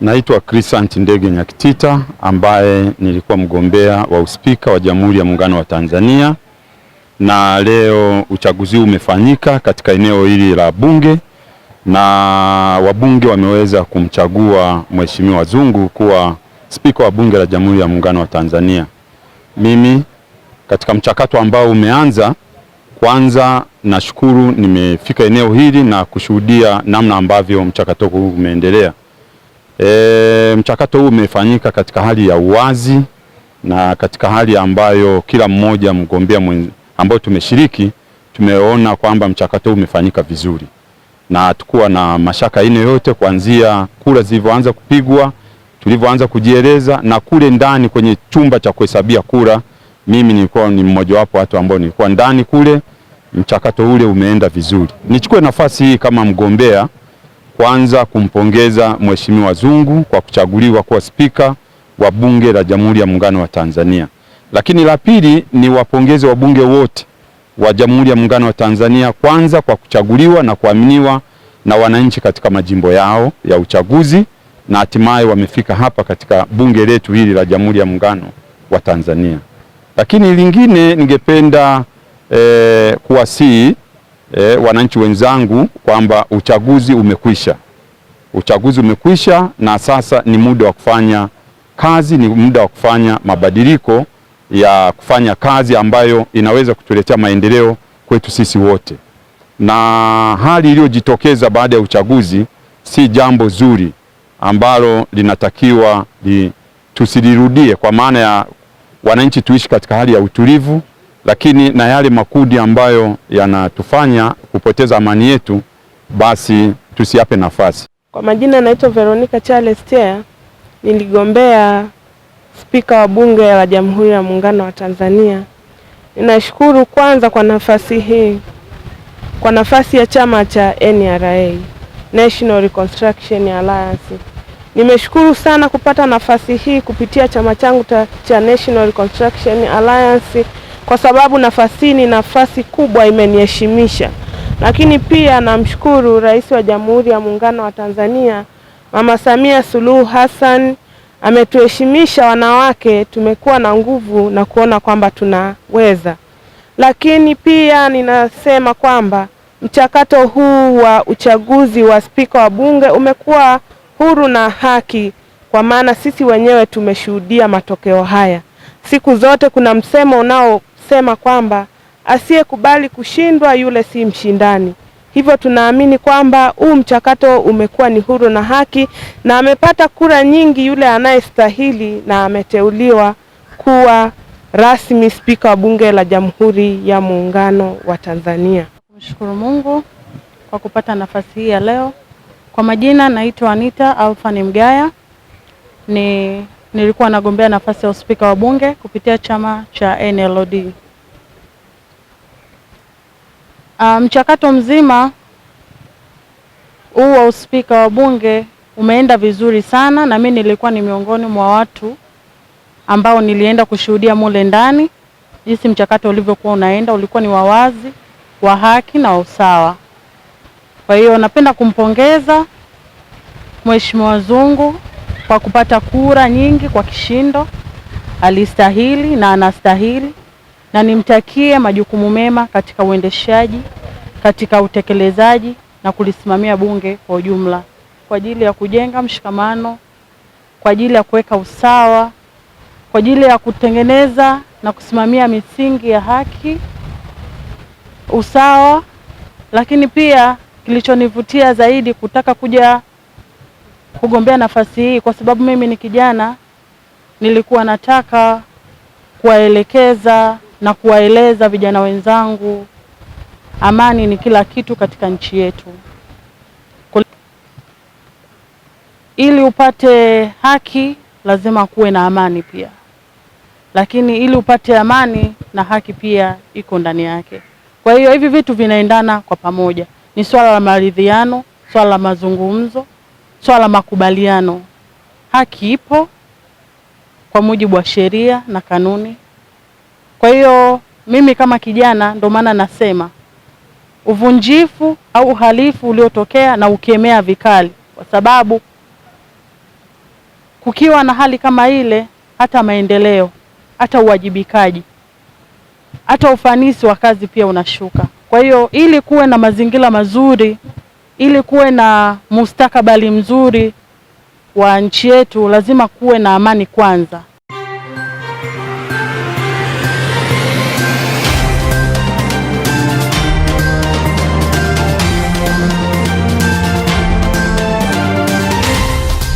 Naitwa Crisant Ndege Nyakitita ambaye nilikuwa mgombea wa uspika wa Jamhuri ya Muungano wa Tanzania, na leo uchaguzi umefanyika katika eneo hili la Bunge na wabunge wameweza kumchagua Mheshimiwa Zungu kuwa spika wa Bunge la Jamhuri ya Muungano wa Tanzania. Mimi katika mchakato ambao umeanza, kwanza nashukuru nimefika eneo hili na kushuhudia namna ambavyo mchakato huu umeendelea. E, mchakato huu umefanyika katika hali ya uwazi na katika hali ambayo kila mmoja mgombea ambayo tumeshiriki tumeona kwamba mchakato huu umefanyika vizuri na hatukuwa na mashaka aina yoyote, kuanzia kura zilivyoanza kupigwa, tulivyoanza kujieleza na kule ndani kwenye chumba cha kuhesabia kura. Mimi nilikuwa ni mmojawapo watu ambao nilikuwa ndani kule. Mchakato ule umeenda vizuri. Nichukue nafasi hii kama mgombea kwanza kumpongeza Mheshimiwa Zungu kwa kuchaguliwa kuwa spika wa Bunge la Jamhuri ya Muungano wa Tanzania, lakini la pili ni wapongeze wabunge wote wa Jamhuri ya Muungano wa Tanzania kwanza kwa kuchaguliwa na kuaminiwa na wananchi katika majimbo yao ya uchaguzi na hatimaye wamefika hapa katika bunge letu hili la Jamhuri ya Muungano wa Tanzania. Lakini lingine ningependa eh, kuwasihi e, wananchi wenzangu kwamba uchaguzi umekwisha. Uchaguzi umekwisha na sasa ni muda wa kufanya kazi, ni muda wa kufanya mabadiliko ya kufanya kazi ambayo inaweza kutuletea maendeleo kwetu sisi wote. Na hali iliyojitokeza baada ya uchaguzi si jambo zuri ambalo linatakiwa li, tusilirudie, kwa maana ya wananchi tuishi katika hali ya utulivu lakini na yale makundi ambayo yanatufanya kupoteza amani yetu, basi tusiape nafasi. Kwa majina naitwa Veronica Charles Tia, niligombea spika wa bunge la Jamhuri ya Muungano wa Tanzania. Ninashukuru kwanza kwa nafasi hii, kwa nafasi ya chama cha NRA, National Reconstruction Alliance. Nimeshukuru sana kupata nafasi hii kupitia chama changu cha National Reconstruction Alliance kwa sababu nafasi ni nafasi kubwa, imeniheshimisha. Lakini pia namshukuru Rais wa Jamhuri ya Muungano wa Tanzania Mama Samia Suluhu Hassan ametuheshimisha wanawake, tumekuwa na nguvu na kuona kwamba tunaweza. Lakini pia ninasema kwamba mchakato huu wa uchaguzi wa spika wa bunge umekuwa huru na haki, kwa maana sisi wenyewe tumeshuhudia matokeo haya. Siku zote kuna msemo unao kusema kwamba asiyekubali kushindwa yule si mshindani. Hivyo tunaamini kwamba huu mchakato umekuwa ni huru na haki, na amepata kura nyingi yule anayestahili, na ameteuliwa kuwa rasmi spika wa Bunge la Jamhuri ya Muungano wa Tanzania. Mshukuru Mungu kwa kupata nafasi hii ya leo. Kwa majina naitwa Anita Alfani Mgaya, ni nilikuwa nagombea nafasi ya uspika wa bunge kupitia chama cha NLD. Ah, mchakato um, mzima huu wa uspika wa bunge umeenda vizuri sana, na mimi nilikuwa ni miongoni mwa watu ambao nilienda kushuhudia mule ndani jinsi mchakato ulivyokuwa unaenda. Ulikuwa ni wawazi wa haki na wa usawa. Kwa hiyo napenda kumpongeza Mheshimiwa Zungu kwa kupata kura nyingi kwa kishindo. Alistahili na anastahili, na nimtakie majukumu mema katika uendeshaji, katika utekelezaji na kulisimamia bunge kwa ujumla, kwa ajili ya kujenga mshikamano, kwa ajili ya kuweka usawa, kwa ajili ya kutengeneza na kusimamia misingi ya haki, usawa. Lakini pia kilichonivutia zaidi kutaka kuja kugombea nafasi hii kwa sababu mimi ni kijana, nilikuwa nataka kuwaelekeza na kuwaeleza vijana wenzangu, amani ni kila kitu katika nchi yetu. Ili upate haki lazima kuwe na amani pia, lakini ili upate amani na haki pia iko ndani yake. Kwa hiyo hivi vitu vinaendana kwa pamoja, ni swala la maridhiano, swala la mazungumzo swala la makubaliano, haki ipo kwa mujibu wa sheria na kanuni. Kwa hiyo mimi kama kijana, ndo maana nasema uvunjifu au uhalifu uliotokea na ukemea vikali, kwa sababu kukiwa na hali kama ile, hata maendeleo, hata uwajibikaji, hata ufanisi wa kazi pia unashuka. Kwa hiyo ili kuwe na mazingira mazuri ili kuwe na mustakabali mzuri wa nchi yetu lazima kuwe na amani kwanza.